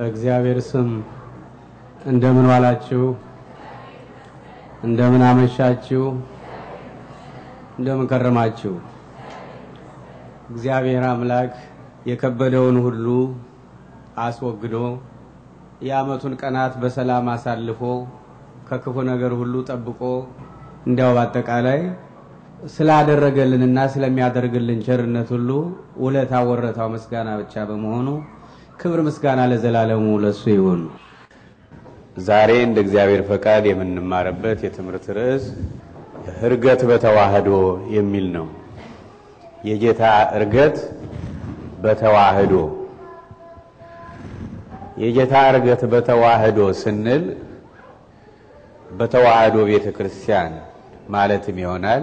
በእግዚአብሔር ስም እንደምን ዋላችሁ? እንደምን አመሻችሁ? እንደምን ከረማችሁ? እግዚአብሔር አምላክ የከበደውን ሁሉ አስወግዶ የዓመቱን ቀናት በሰላም አሳልፎ ከክፉ ነገር ሁሉ ጠብቆ እንዲያው በአጠቃላይ ስላደረገልንና ስለሚያደርግልን ቸርነት ሁሉ ውለታ ወረታው ምስጋና ብቻ በመሆኑ ክብር ምስጋና ለዘላለሙ ለሱ ይሁን። ዛሬ እንደ እግዚአብሔር ፈቃድ የምንማርበት የትምህርት ርዕስ እርገት በተዋህዶ የሚል ነው። የጌታ እርገት በተዋህዶ የጌታ እርገት በተዋህዶ ስንል በተዋህዶ ቤተ ክርስቲያን ማለትም ይሆናል።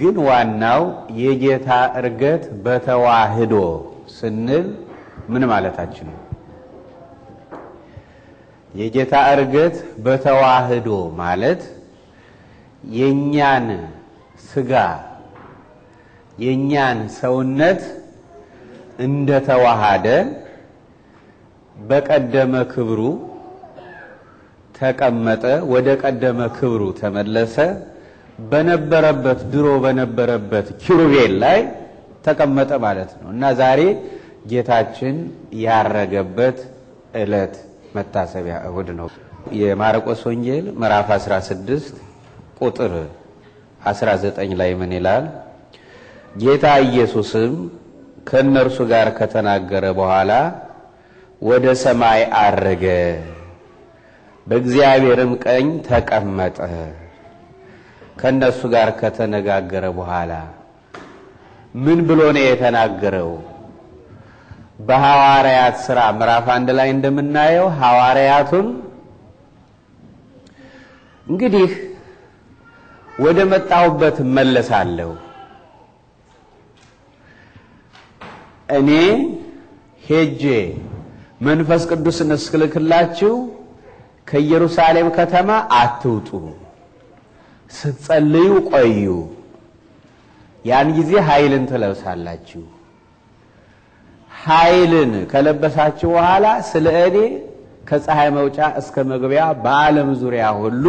ግን ዋናው የጌታ እርገት በተዋህዶ ስንል ምን ማለታችን ነው? የጌታ እርገት በተዋህዶ ማለት የእኛን ስጋ የእኛን ሰውነት እንደተዋሃደ በቀደመ ክብሩ ተቀመጠ፣ ወደ ቀደመ ክብሩ ተመለሰ። በነበረበት ድሮ በነበረበት ኪሩቤል ላይ ተቀመጠ ማለት ነው እና ዛሬ ጌታችን ያረገበት ዕለት መታሰቢያ እሁድ ነው። የማርቆስ ወንጌል ምዕራፍ 16 ቁጥር 19 ላይ ምን ይላል? ጌታ ኢየሱስም ከእነርሱ ጋር ከተናገረ በኋላ ወደ ሰማይ አረገ፣ በእግዚአብሔርም ቀኝ ተቀመጠ። ከእነርሱ ጋር ከተነጋገረ በኋላ ምን ብሎ ነው የተናገረው? በሐዋርያት ሥራ ምዕራፍ አንድ ላይ እንደምናየው ሐዋርያቱም እንግዲህ ወደ መጣሁበት እመለሳለሁ፣ እኔ ሄጄ መንፈስ ቅዱስ እንስክልክላችሁ ከኢየሩሳሌም ከተማ አትውጡ፣ ስትጸልዩ ቆዩ፣ ያን ጊዜ ኃይልን ትለብሳላችሁ ኃይልን ከለበሳችሁ በኋላ ስለ እኔ ከፀሐይ መውጫ እስከ መግቢያ በዓለም ዙሪያ ሁሉ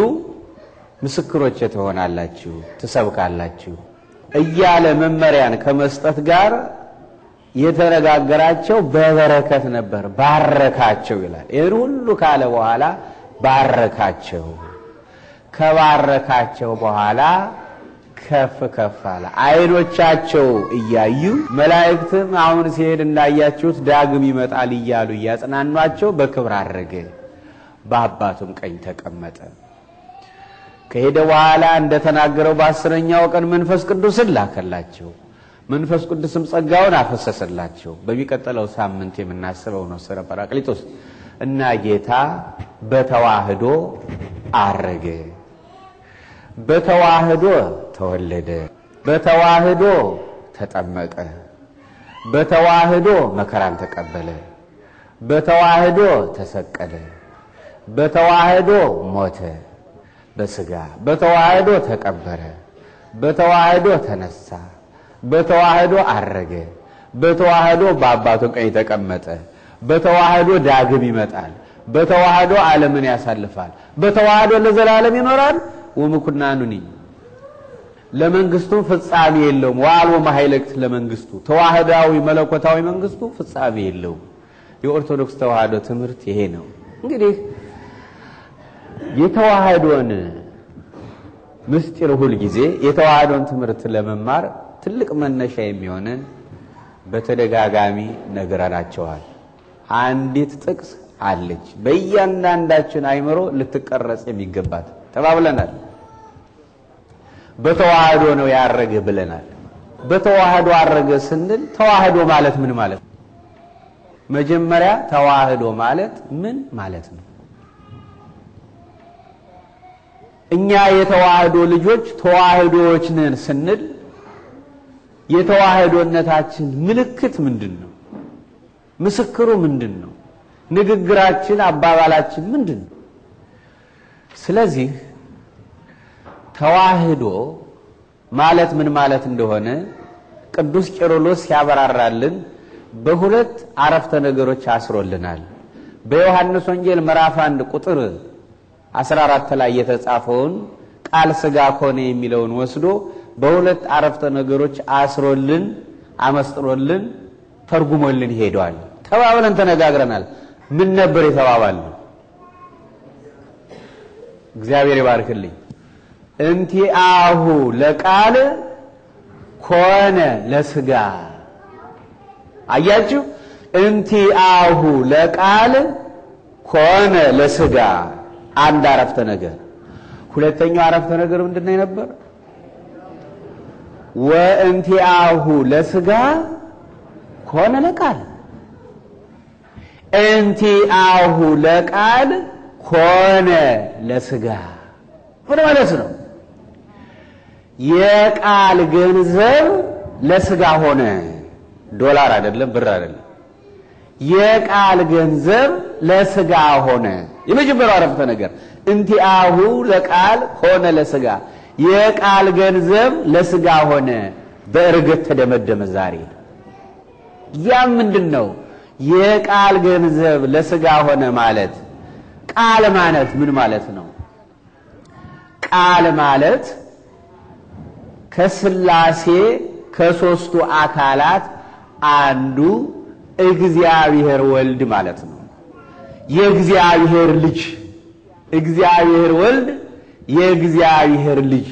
ምስክሮች ትሆናላችሁ፣ ትሰብካላችሁ እያለ መመሪያን ከመስጠት ጋር የተነጋገራቸው በበረከት ነበር። ባረካቸው ይላል። ይህን ሁሉ ካለ በኋላ ባረካቸው። ከባረካቸው በኋላ ከፍ ከፍ አለ። አይኖቻቸው እያዩ መላእክትም አሁን ሲሄድ እንዳያችሁት ዳግም ይመጣል እያሉ እያጽናኗቸው በክብር አረገ። በአባቱም ቀኝ ተቀመጠ። ከሄደ በኋላ እንደተናገረው በአስረኛው ቀን መንፈስ ቅዱስን ላከላቸው። መንፈስ ቅዱስም ጸጋውን አፈሰሰላቸው። በሚቀጥለው ሳምንት የምናስበው ነው። ስረ ጰራቅሊጦስ እና ጌታ በተዋህዶ አረገ። በተዋህዶ ተወለደ፣ በተዋህዶ ተጠመቀ፣ በተዋህዶ መከራን ተቀበለ፣ በተዋህዶ ተሰቀለ፣ በተዋህዶ ሞተ በስጋ በተዋህዶ ተቀበረ፣ በተዋህዶ ተነሳ፣ በተዋህዶ አረገ፣ በተዋህዶ በአባቱ ቀኝ ተቀመጠ፣ በተዋህዶ ዳግም ይመጣል፣ በተዋህዶ ዓለምን ያሳልፋል፣ በተዋህዶ ለዘላለም ይኖራል። ወምኩናኑኒ ለመንግስቱም ፍጻሜ የለውም። ዋሎ ማኃይለክት ለመንግስቱ ተዋህዳዊ መለኮታዊ መንግስቱ ፍጻሜ የለውም። የኦርቶዶክስ ተዋህዶ ትምህርት ይሄ ነው። እንግዲህ የተዋህዶን ምስጢር ሁል ጊዜ የተዋህዶን ትምህርት ለመማር ትልቅ መነሻ የሚሆንን በተደጋጋሚ ነግረናቸዋል። አንዲት ጥቅስ አለች በእያንዳንዳችን አይምሮ ልትቀረጽ የሚገባት ተባብለናል። በተዋህዶ ነው ያረገ ብለናል። በተዋህዶ አረገ ስንል ተዋህዶ ማለት ምን ማለት ነው? መጀመሪያ ተዋህዶ ማለት ምን ማለት ነው? እኛ የተዋህዶ ልጆች ተዋህዶዎች ነን ስንል የተዋህዶነታችን ምልክት ምንድን ነው? ምስክሩ ምንድን ነው? ንግግራችን፣ አባባላችን ምንድን ነው? ስለዚህ ተዋህዶ ማለት ምን ማለት እንደሆነ ቅዱስ ቄሮሎስ ሲያበራራልን በሁለት አረፍተ ነገሮች አስሮልናል። በዮሐንስ ወንጌል ምዕራፍ 1 ቁጥር 14 ላይ የተጻፈውን ቃል ሥጋ ኮነ የሚለውን ወስዶ በሁለት አረፍተ ነገሮች አስሮልን አመስጥሮልን ተርጉሞልን ሄዷል። ተባብለን ተነጋግረናል። ምን ነበር የተባባልነው? እግዚአብሔር ይባርክልኝ። እንቲአሁ ለቃል ኮነ ለስጋ አያችሁ። እንቲአሁ ለቃል ኮነ ለስጋ አንድ አረፍተ ነገር። ሁለተኛው አረፍተ ነገር ምንድን ነው የነበር? ወእንቲአሁ ለስጋ ኮነ ለቃል እንቲአሁ ለቃል ኮነ ለስጋ ምን ማለት ነው? የቃል ገንዘብ ለስጋ ሆነ። ዶላር አይደለም፣ ብር አይደለም። የቃል ገንዘብ ለስጋ ሆነ። የመጀመሪያው አረፍተ ነገር እንቲአሁ ለቃል ሆነ ለስጋ የቃል ገንዘብ ለስጋ ሆነ፣ በእርግጥ ተደመደመ። ዛሬ ያም ምንድን ነው? የቃል ገንዘብ ለስጋ ሆነ ማለት ቃል ማለት ምን ማለት ነው? ቃል ማለት ከስላሴ ከሶስቱ አካላት አንዱ እግዚአብሔር ወልድ ማለት ነው። የእግዚአብሔር ልጅ እግዚአብሔር ወልድ የእግዚአብሔር ልጅ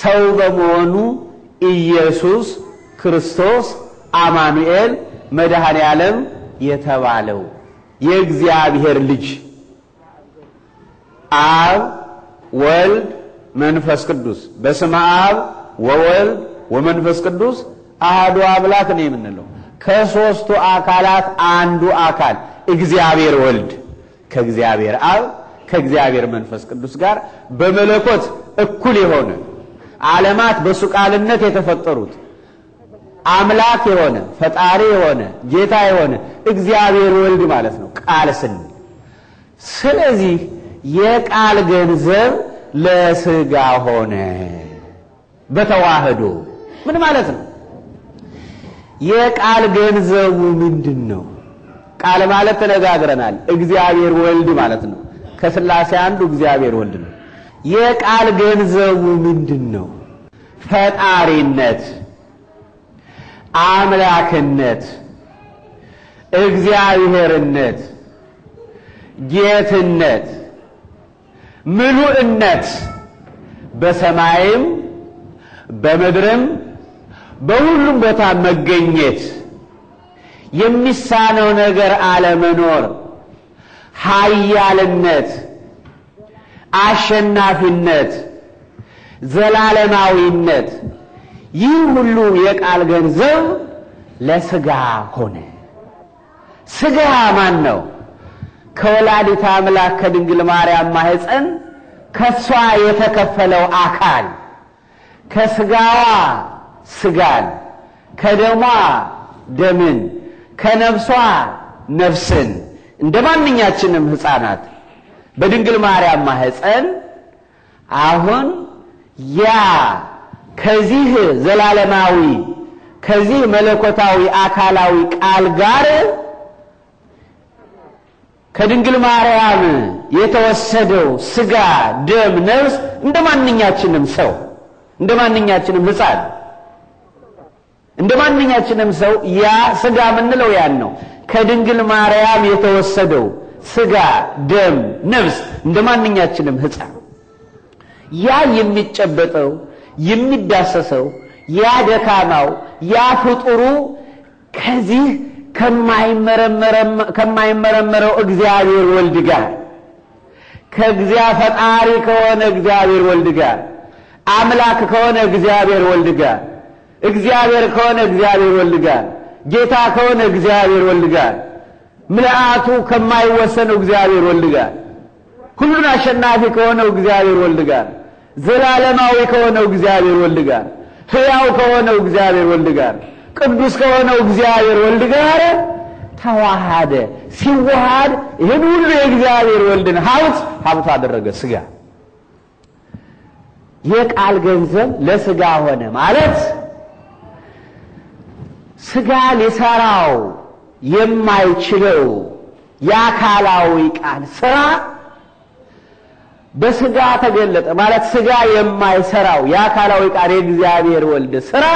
ሰው በመሆኑ ኢየሱስ ክርስቶስ አማኑኤል መድኃኔ ዓለም የተባለው የእግዚአብሔር ልጅ አብ ወልድ መንፈስ ቅዱስ በስመ አብ ወወልድ ወመንፈስ ቅዱስ አህዱ አምላክ ነው የምንለው ከሶስቱ አካላት አንዱ አካል እግዚአብሔር ወልድ ከእግዚአብሔር አብ ከእግዚአብሔር መንፈስ ቅዱስ ጋር በመለኮት እኩል የሆነ ዓለማት በሱ ቃልነት የተፈጠሩት አምላክ የሆነ ፈጣሪ የሆነ ጌታ የሆነ እግዚአብሔር ወልድ ማለት ነው ቃል ስን ስለዚህ የቃል ገንዘብ ለስጋ ሆነ። በተዋህዶ ምን ማለት ነው? የቃል ገንዘቡ ምንድን ነው? ቃል ማለት ተነጋግረናል፣ እግዚአብሔር ወልድ ማለት ነው። ከስላሴ አንዱ እግዚአብሔር ወልድ ነው። የቃል ገንዘቡ ምንድን ነው? ፈጣሪነት፣ አምላክነት፣ እግዚአብሔርነት፣ ጌትነት፣ ምሉዕነት በሰማይም በምድርም በሁሉም ቦታ መገኘት የሚሳነው ነገር አለመኖር፣ ኃያልነት፣ አሸናፊነት፣ ዘላለማዊነት ይህ ሁሉ የቃል ገንዘብ ለስጋ ሆነ። ስጋ ማን ነው? ከወላዲት አምላክ ከድንግል ማርያም ማህፀን ከእሷ የተከፈለው አካል ከስጋዋ ስጋን፣ ከደሟ ደምን፣ ከነፍሷ ነፍስን እንደ ማንኛችንም ህፃናት በድንግል ማርያም ማህፀን አሁን ያ ከዚህ ዘላለማዊ ከዚህ መለኮታዊ አካላዊ ቃል ጋር ከድንግል ማርያም የተወሰደው ስጋ፣ ደም፣ ነፍስ እንደ ማንኛችንም ሰው እንደ ማንኛችንም ህፃን እንደ ማንኛችንም ሰው ያ ስጋ የምንለው ያን ነው። ከድንግል ማርያም የተወሰደው ስጋ፣ ደም፣ ነፍስ እንደ ማንኛችንም ህፃን ያ የሚጨበጠው የሚዳሰሰው ያ ደካማው ያ ፍጡሩ ከዚህ ከማይመረመረው እግዚአብሔር ወልድ ጋር ከእግዚአብሔር ፈጣሪ ከሆነ እግዚአብሔር ወልድ ጋር አምላክ ከሆነ እግዚአብሔር ወልድ ጋር፣ እግዚአብሔር ከሆነ እግዚአብሔር ወልድ ጋር፣ ጌታ ከሆነ እግዚአብሔር ወልድ ጋር፣ ምልአቱ ከማይወሰነው እግዚአብሔር ወልድ ጋር፣ ሁሉን አሸናፊ ከሆነው እግዚአብሔር ወልድ ጋር፣ ዘላለማዊ ከሆነው እግዚአብሔር ወልድ ጋር፣ ሕያው ከሆነው እግዚአብሔር ወልድ ጋር፣ ቅዱስ ከሆነው እግዚአብሔር ወልድ ጋር ተዋሃደ። ሲዋሃድ ይህን ሁሉ የእግዚአብሔር ወልድን ሀብት ሀብቱ አደረገ ስጋ የቃል ገንዘብ ለስጋ ሆነ ማለት ስጋ ሊሰራው የማይችለው የአካላዊ ቃል ስራ በስጋ ተገለጠ ማለት ስጋ የማይሰራው የአካላዊ ቃል የእግዚአብሔር ወልድ ስራ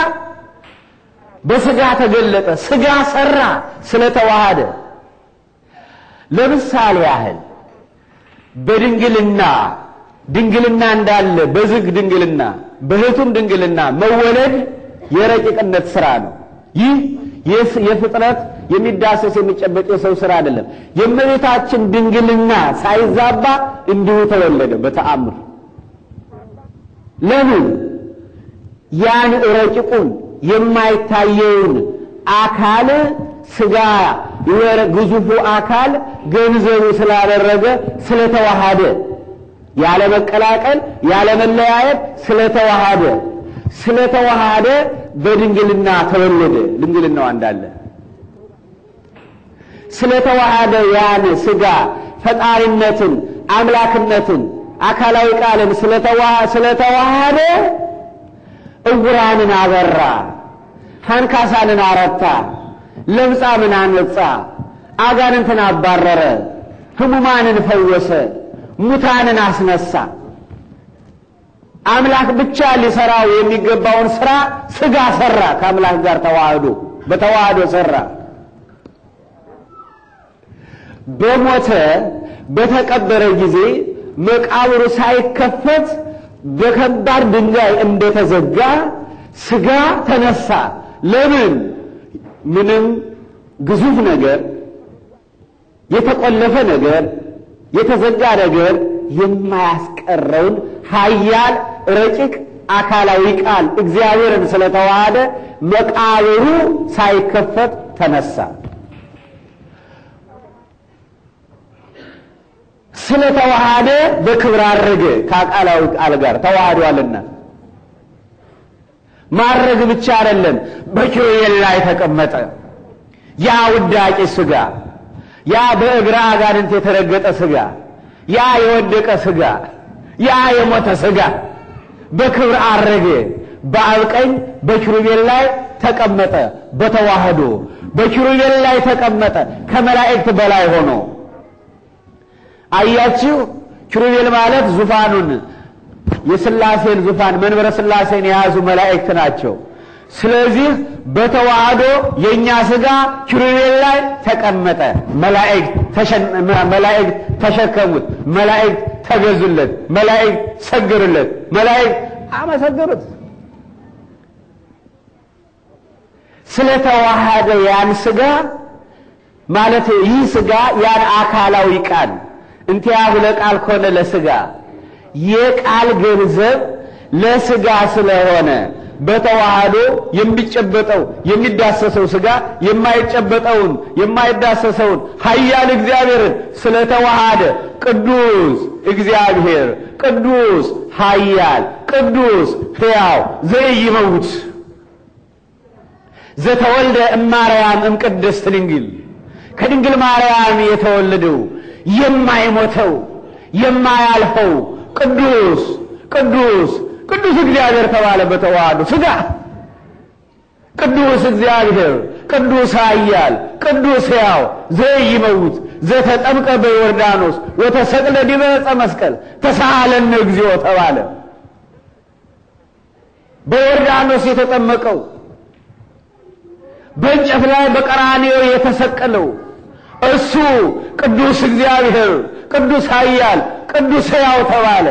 በስጋ ተገለጠ። ስጋ ሰራ ስለተዋሃደ። ለምሳሌ ያህል በድንግልና ድንግልና እንዳለ በዝግ ድንግልና በህቱም ድንግልና መወለድ የረቂቅነት ስራ ነው። ይህ የፍጥረት የሚዳሰስ የሚጨበጥ የሰው ስራ አይደለም። የእመቤታችን ድንግልና ሳይዛባ እንዲሁ ተወለደ በተአምር። ለምን? ያን ረቂቁን የማይታየውን አካል ስጋ ግዙፉ አካል ገንዘቡ ስላደረገ ስለተዋሃደ ያለ መቀላቀል ያለ መለያየት ስለተዋሃደ ስለተዋሃደ በድንግልና ተወለደ። ድንግልናው እንዳለ ስለተዋሃደ ያን ስጋ ፈጣሪነትን አምላክነትን አካላዊ ቃልን ስለተዋሃደ እውራንን አበራ፣ አንካሳንን አረታ፣ ለምጻምን አነጻ፣ አጋንንትን አባረረ፣ ህሙማንን ፈወሰ። ሙታንን አስነሳ። አምላክ ብቻ ሊሰራው የሚገባውን ስራ ስጋ ሰራ። ከአምላክ ጋር ተዋህዶ በተዋህዶ ሰራ። በሞተ በተቀበረ ጊዜ መቃብሩ ሳይከፈት በከባድ ድንጋይ እንደተዘጋ ስጋ ተነሳ። ለምን? ምንም ግዙፍ ነገር የተቆለፈ ነገር የተዘጋ ነገር የማያስቀረውን ኃያል ረቂቅ አካላዊ ቃል እግዚአብሔርን ስለተዋሃደ መቃብሩ ሳይከፈት ተነሳ። ስለተዋሃደ በክብር አረገ። ከአቃላዊ ቃል ጋር ተዋህዷልና ማድረግ ብቻ አይደለም፣ በኪሩቤል ላይ ተቀመጠ። ያ ውዳቂ ያ በእግረ አጋንንት የተረገጠ ስጋ፣ ያ የወደቀ ስጋ፣ ያ የሞተ ስጋ በክብር አረገ። በአብ ቀኝ በኪሩቤል ላይ ተቀመጠ። በተዋህዶ በኪሩቤል ላይ ተቀመጠ፣ ከመላእክት በላይ ሆኖ አያችሁ። ኪሩቤል ማለት ዙፋኑን የስላሴን ዙፋን መንበረ ስላሴን የያዙ መላእክት ናቸው። ስለዚህ በተዋህዶ የእኛ ስጋ ኪሩቤል ላይ ተቀመጠ። መላእክት ተሸከሙት፣ መላእክት ተገዙለት፣ መላእክት ሰገሩለት፣ መላእክት አመሰገሩት። ስለተዋሃደ ያን ስጋ ማለት ይህ ስጋ ያን አካላዊ ቃል እንቲያሁ ለቃል ከሆነ ለስጋ የቃል ገንዘብ ለስጋ ስለሆነ በተዋህዶ የሚጨበጠው የሚዳሰሰው ስጋ የማይጨበጠውን የማይዳሰሰውን ኃያል እግዚአብሔርን ስለተዋሃደ ቅዱስ እግዚአብሔር ቅዱስ ኃያል ቅዱስ ሕያው ዘኢይመውት ዘተወልደ እማርያም እምቅድስት ድንግል ከድንግል ማርያም የተወለደው የማይሞተው የማያልፈው ቅዱስ ቅዱስ ቅዱስ እግዚአብሔር ተባለ በተዋህዶ ስጋ ቅዱስ እግዚአብሔር ቅዱስ ኃያል ቅዱስ ሕያው ዘይመውት ዘተጠምቀ በዮርዳኖስ ወተሰቅለ ዲበ ዕፀ መስቀል ተሳሃለነ እግዚኦ ተባለ። በዮርዳኖስ የተጠመቀው በእንጨት ላይ በቀራንዮ የተሰቀለው እሱ ቅዱስ እግዚአብሔር ቅዱስ ኃያል ቅዱስ ሕያው ተባለ።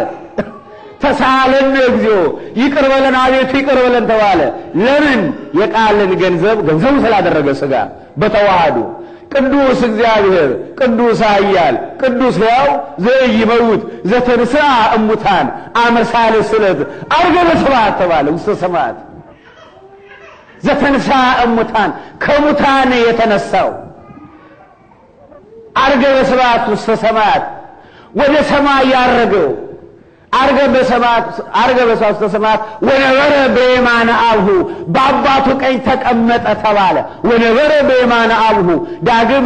ተሳለን እግዚኦ ይቅር በለን አቤቱ ይቅር በለን ተባለ። ለምን የቃልን ገንዘብ ገንዘቡ ስላደረገ ስጋ በተዋህዶ ቅዱስ እግዚአብሔር ቅዱስ ኃያል ቅዱስ ሕያው ዘኢይመውት ዘተንሥአ እሙታን አመሳለ ስለት አርገ በስብሐት ተባለ ውስተ ሰማያት ዘተንሥአ እሙታን ከሙታን የተነሳው አርገ በስብሐት ውስተ ሰማያት ወደ ሰማይ ያረገው አርገ በሳስተ ሰማያት ወነበረ በየማነ አብሁ በአባቱ ቀኝ ተቀመጠ ተባለ። ወነበረ በየማነ አብሁ ዳግም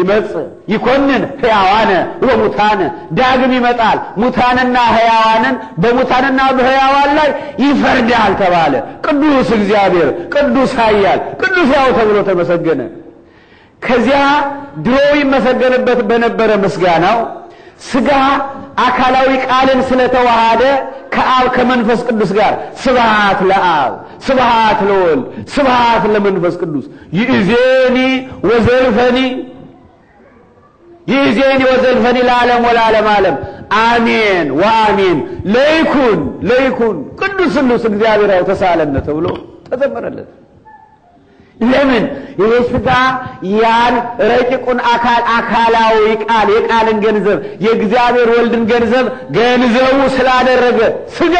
ይመጽ ይኮንን ሕያዋነ ወሙታነ ዳግም ይመጣል ሙታንና ሕያዋንን በሙታንና በሕያዋን ላይ ይፈርዳል ተባለ። ቅዱስ እግዚአብሔር ቅዱስ ኃያል ቅዱስ ያው ተብሎ ተመሰገነ። ከዚያ ድሮ ይመሰገንበት በነበረ ምስጋናው ስጋ አካላዊ ቃልን ስለተዋሃደ ከአብ ከመንፈስ ቅዱስ ጋር ስብሃት ለአብ ስብሃት ለወልድ ስብሃት ለመንፈስ ቅዱስ ይእዜኒ ወዘልፈኒ ይእዜኒ ወዘልፈኒ ለዓለም ወለዓለም ዓለም አሜን ወአሜን ለይኩን ለይኩን ቅዱስ ሉስ እግዚአብሔር ያው ተሳለነ ተብሎ ተዘመረለት። ለምን ይሄ ስጋ ያን ረቂቁን አካል አካላዊ ቃል የቃልን ገንዘብ የእግዚአብሔር ወልድን ገንዘብ ገንዘቡ ስላደረገ ስጋ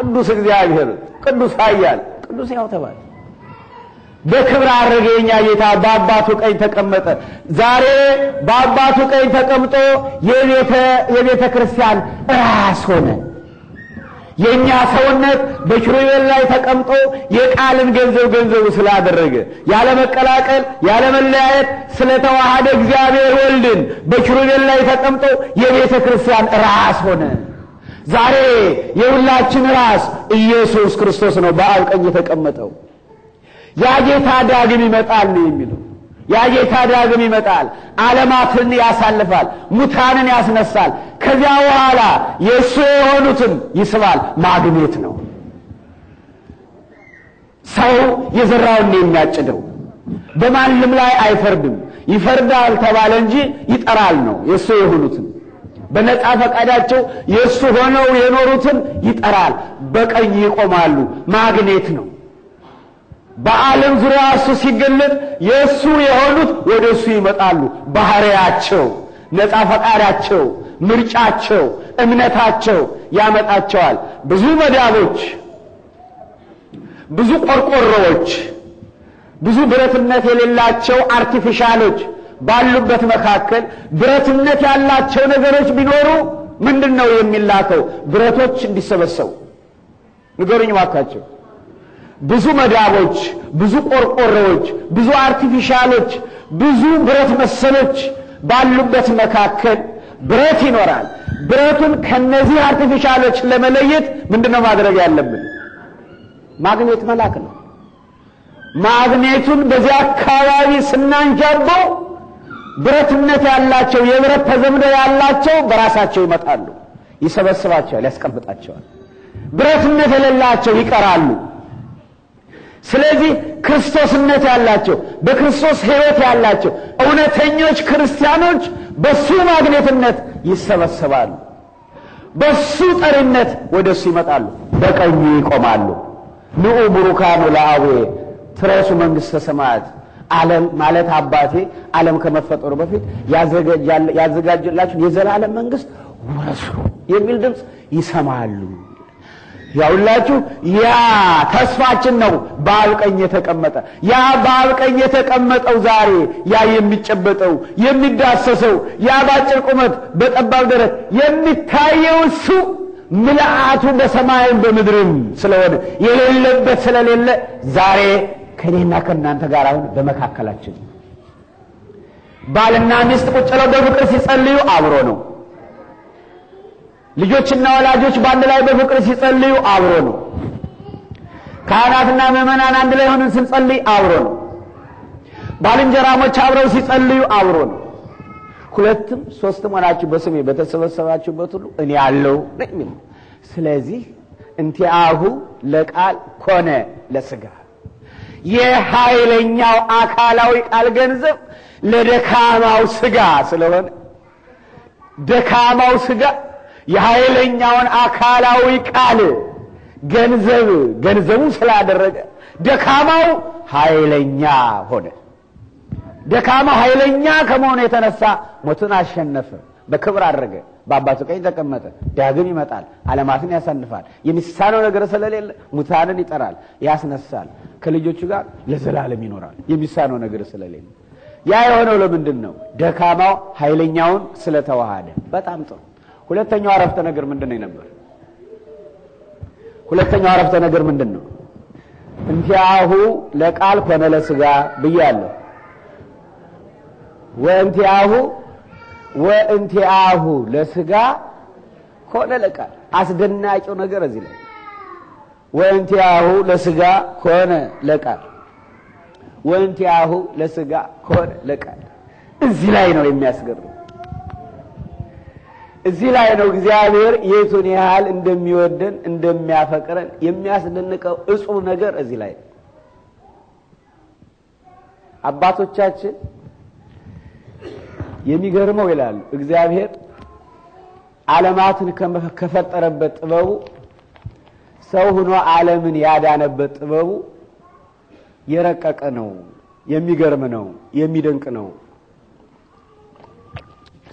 ቅዱስ እግዚአብሔር ቅዱስ ኃያል ቅዱስ ያው ተባለ። በክብር አረገ። የኛ ጌታ በአባቱ ቀኝ ተቀመጠ። ዛሬ በአባቱ ቀኝ ተቀምጦ የቤተ የቤተ ክርስቲያን ራስ ሆነ። የእኛ ሰውነት በኪሩቤል ላይ ተቀምጦ የቃልን ገንዘብ ገንዘቡ ስላደረገ ያለ መቀላቀል ያለ መለያየት ስለተዋሃደ እግዚአብሔር ወልድን በኪሩቤል ላይ ተቀምጦ የቤተ ክርስቲያን ራስ ሆነ። ዛሬ የሁላችን ራስ ኢየሱስ ክርስቶስ ነው፣ በአብ ቀኝ የተቀመጠው ያ ጌታ ዳግም ይመጣል ነው የሚለው። ያ ጌታ ዳግም ይመጣል። ዓለማትን ያሳልፋል፣ ሙታንን ያስነሳል። ከዚያ በኋላ የእሱ የሆኑትን ይስባል። ማግኘት ነው ሰው የዘራውን የሚያጭደው። በማንም ላይ አይፈርድም። ይፈርዳል ተባለ እንጂ ይጠራል ነው። የእሱ የሆኑትን በነፃ ፈቃዳቸው የእሱ ሆነው የኖሩትን ይጠራል። በቀኝ ይቆማሉ። ማግኔት ነው። በዓለም ዙሪያ እሱ ሲገለጥ የእሱ የሆኑት ወደ እሱ ይመጣሉ። ባህሪያቸው፣ ነፃ ፈቃዳቸው፣ ምርጫቸው፣ እምነታቸው ያመጣቸዋል። ብዙ መዳቦች፣ ብዙ ቆርቆሮዎች፣ ብዙ ብረትነት የሌላቸው አርቲፊሻሎች ባሉበት መካከል ብረትነት ያላቸው ነገሮች ቢኖሩ ምንድን ነው የሚላከው? ብረቶች እንዲሰበሰቡ ንገሩኝ እባካቸው። ብዙ መዳቦች፣ ብዙ ቆርቆሮዎች፣ ብዙ አርቲፊሻሎች፣ ብዙ ብረት መሰሎች ባሉበት መካከል ብረት ይኖራል። ብረቱን ከነዚህ አርቲፊሻሎች ለመለየት ምንድነው ማድረግ ያለብን? ማግኔት መላክ ነው። ማግኔቱን በዚያ አካባቢ ስናንጃበው ብረትነት ያላቸው የብረት ተዘምደ ያላቸው በራሳቸው ይመጣሉ፣ ይሰበስባቸዋል፣ ያስቀምጣቸዋል። ብረትነት የሌላቸው ይቀራሉ። ስለዚህ ክርስቶስነት ያላቸው በክርስቶስ ሕይወት ያላቸው እውነተኞች ክርስቲያኖች በሱ ማግኔትነት ይሰበሰባሉ። በሱ ጠሪነት ወደ እሱ ይመጣሉ፣ በቀኙ ይቆማሉ። ንዑ ቡሩካኑ ለአዌ ትረሱ መንግሥተ ሰማያት ዓለም ማለት አባቴ ዓለም ከመፈጠሩ በፊት ያዘጋጀላችሁን የዘላለም መንግሥት ውረሱ የሚል ድምፅ ይሰማሉ። ያውላችሁ ያ ተስፋችን ነው። በአብ ቀኝ የተቀመጠ ያ በአብ ቀኝ የተቀመጠው ዛሬ ያ የሚጨበጠው የሚዳሰሰው ያ ባጭር ቁመት በጠባብ ደረት የሚታየው እሱ ምልአቱ በሰማይም በምድርም ስለሆነ የሌለበት ስለሌለ ዛሬ ከእኔና ከእናንተ ጋር አሁን በመካከላችን ባልና ሚስት ቁጭ ብለው በፍቅር ሲጸልዩ አብሮ ነው። ልጆችና ወላጆች በአንድ ላይ በፍቅር ሲጸልዩ አብሮ ነው። ካህናትና ምዕመናን አንድ ላይ ሆነን ስንጸልይ አብሮ ነው። ባልንጀራሞች አብረው ሲጸልዩ አብሮ ነው። ሁለትም ሶስትም ሆናችሁ በስሜ በተሰበሰባችሁበት ሁሉ እኔ ያለው ነው የሚለው። ስለዚህ እንቲአሁ ለቃል ኮነ ለስጋ የኃይለኛው አካላዊ ቃል ገንዘብ ለደካማው ስጋ ስለሆነ ደካማው ስጋ የኃይለኛውን አካላዊ ቃል ገንዘብ ገንዘቡ ስላደረገ ደካማው ኃይለኛ ሆነ። ደካማ ኃይለኛ ከመሆኑ የተነሳ ሞትን አሸነፈ፣ በክብር አድረገ፣ በአባቱ ቀኝ ተቀመጠ። ዳግም ይመጣል፣ ዓለማትን ያሳንፋል የሚሳነው ነገር ስለሌለ ሙታንን ይጠራል፣ ያስነሳል፣ ከልጆቹ ጋር ለዘላለም ይኖራል። የሚሳነው ነገር ስለሌለ ያ የሆነው ለምንድን ነው? ደካማው ኃይለኛውን ስለተዋሃደ። በጣም ጥሩ። ሁለተኛው አረፍተ ነገር ምንድን ነው ነበር? ሁለተኛው አረፍተ ነገር ምንድን ነው? እንቲያሁ ለቃል ኮነ ለስጋ ብያለሁ። ወእንቲያሁ ወእንቲአሁ ለስጋ ኮነ ለቃል። አስደናቂው ነገር እዚህ ላይ ወእንቲያሁ ለስጋ ኮነ ለቃል ወእንቲያሁ ለስጋ ኮነ ለቃል። እዚህ ላይ ነው የሚያስገርም እዚህ ላይ ነው እግዚአብሔር የቱን ያህል እንደሚወደን እንደሚያፈቅረን የሚያስደንቀው እጹብ ነገር እዚህ ላይ ነው። አባቶቻችን የሚገርመው ይላሉ እግዚአብሔር ዓለማትን ከፈጠረበት ጥበቡ ሰው ሆኖ ዓለምን ያዳነበት ጥበቡ የረቀቀ ነው፣ የሚገርም ነው፣ የሚደንቅ ነው።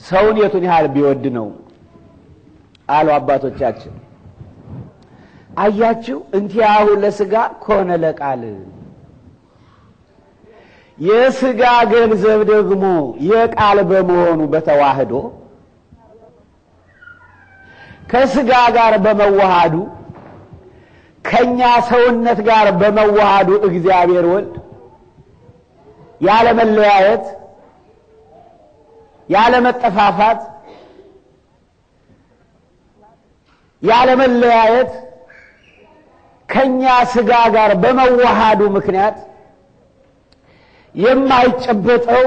ሰውን የቱን ያህል ቢወድ ነው አሉ አባቶቻችን። አያችሁ እንቲያሁ ለስጋ ከሆነ ለቃል የስጋ ገንዘብ ደግሞ የቃል በመሆኑ በተዋህዶ ከስጋ ጋር በመዋሃዱ ከኛ ሰውነት ጋር በመዋሃዱ እግዚአብሔር ወልድ ያለ መለያየት ያለ መጠፋፋት ያለመለያየት ከኛ ስጋ ጋር በመዋሃዱ ምክንያት የማይጨበጠው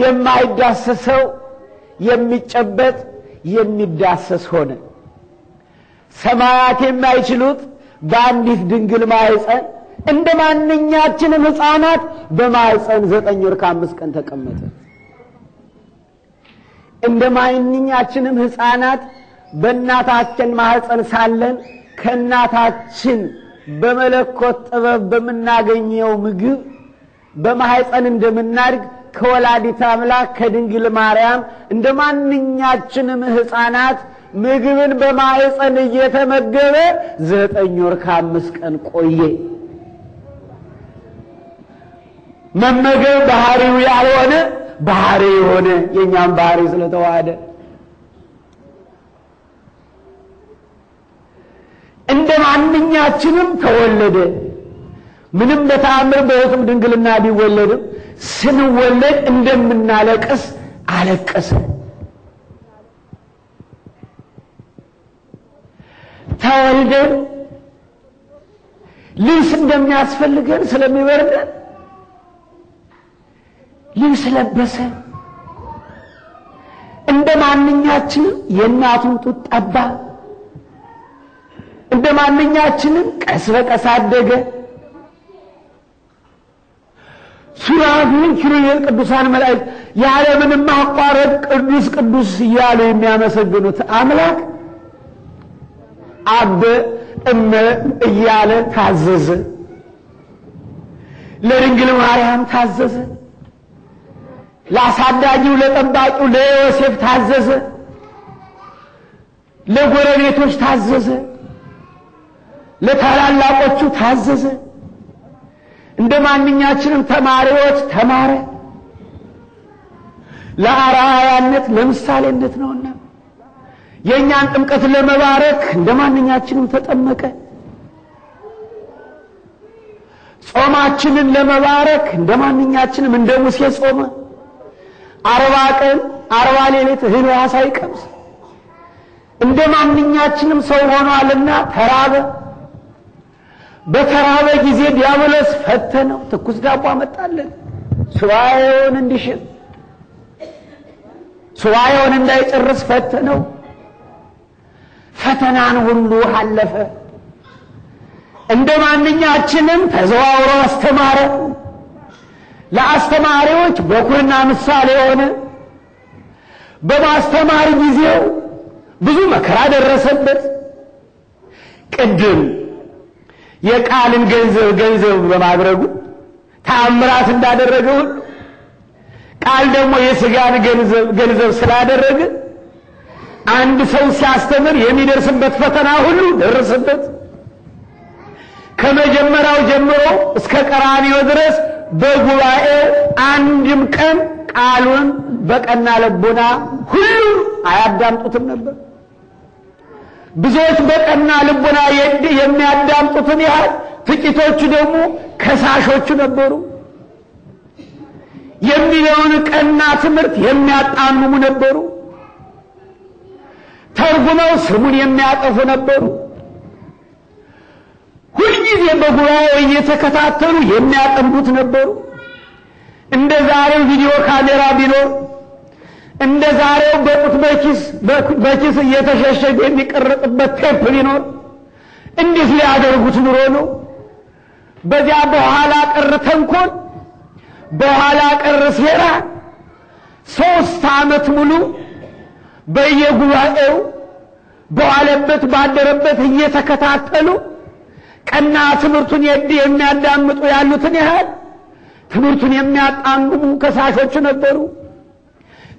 የማይዳሰሰው የሚጨበጥ የሚዳሰስ ሆነ። ሰማያት የማይችሉት በአንዲት ድንግል ማኅፀን እንደ ማንኛችንም ሕፃናት በማኅፀን ዘጠኝ ወር ከአምስት ቀን ተቀመጠ። እንደ ማንኛችንም ሕፃናት በእናታችን ማህፀን ሳለን ከእናታችን በመለኮት ጥበብ በምናገኘው ምግብ በማህፀን እንደምናድግ ከወላዲት አምላክ ከድንግል ማርያም እንደ ማንኛችንም ህፃናት ምግብን በማህፀን እየተመገበ ዘጠኝ ወር ከአምስት ቀን ቆየ። መመገብ ባህሪው ያልሆነ ባህሪ የሆነ የእኛም ባህሪ ስለተዋሃደ እንደ ማንኛችንም ተወለደ። ምንም በተአምር በሕቱም ድንግልና ቢወለድም ስንወለድ እንደምናለቅስ አለቀሰ። ተወልደን ልብስ እንደሚያስፈልገን ስለሚበርደን ልብስ ለበሰ። እንደ ማንኛችንም የእናቱን ጡት ጠባ። እንደ ማንኛችንም ቀስ በቀስ አደገ። ሱራፊን፣ ኪሩቤል፣ ቅዱሳን መላእክት ያለምንም ማቋረጥ ቅዱስ ቅዱስ እያሉ የሚያመሰግኑት አምላክ አበ እመ እያለ ታዘዘ። ለድንግል ማርያም ታዘዘ። ለአሳዳጊው ለጠባቂው ለዮሴፍ ታዘዘ። ለጎረቤቶች ታዘዘ። ለታላላቆቹ ታዘዘ። እንደ ማንኛችንም ተማሪዎች ተማረ። ለአርአያነት ለምሳሌነት ነውና የእኛን ጥምቀት ለመባረክ እንደ ማንኛችንም ተጠመቀ። ጾማችንን ለመባረክ እንደ ማንኛችንም እንደ ሙሴ ጾመ። አርባ ቀን አርባ ሌሊት እህል ውሃ ሳይቀምስ እንደ ማንኛችንም ሰው ሆኗልና ተራበ። በተራበ ጊዜ ዲያብሎስ ፈተነው። ትኩስ ዳቦ አመጣለን ሱባኤውን እንዲሽር ሱባኤውን እንዳይጨርስ ፈተነው። ፈተናን ሁሉ አለፈ። እንደ ማንኛችንም ተዘዋውሮ አስተማረ። ለአስተማሪዎች በኩርና ምሳሌ ሆነ። በማስተማር ጊዜው ብዙ መከራ ደረሰበት። ቅድም የቃልን ገንዘብ ገንዘብ በማድረጉ ተአምራት እንዳደረገ ሁሉ ቃል ደግሞ የስጋን ገንዘብ ገንዘብ ስላደረገ አንድ ሰው ሲያስተምር የሚደርስበት ፈተና ሁሉ ደረሰበት። ከመጀመሪያው ጀምሮ እስከ ቀራንዮ ድረስ በጉባኤ አንድም ቀን ቃሉን በቀና ለቦና ሁሉ አያዳምጡትም ነበር። ብዙዎች በቀና ልቡና የሚያዳምጡትን ያህል ጥቂቶቹ ደግሞ ከሳሾቹ ነበሩ። የሚለውን ቀና ትምህርት የሚያጣምሙ ነበሩ። ተርጉመው ስሙን የሚያጠፉ ነበሩ። ሁልጊዜ በጉባኤው እየተከታተሉ የሚያጠምዱት ነበሩ። እንደ ዛሬው ቪዲዮ ካሜራ ቢኖር እንደ ዛሬው በጡት በኪስ በኪስ እየተሸሸገ የሚቀረጥበት ቴፕ ቢኖር እንዴት ሊያደርጉት ኑሮ ነው? በዚያ በኋላ ቀር ተንኮል፣ በኋላ ቀር ሴራ ሶስት ዓመት ሙሉ በየጉባኤው በዋለበት ባደረበት እየተከታተሉ ቀና ትምህርቱን የሚያዳምጡ ያሉትን ያህል ትምህርቱን የሚያጣምሙ ከሳሾቹ ነበሩ።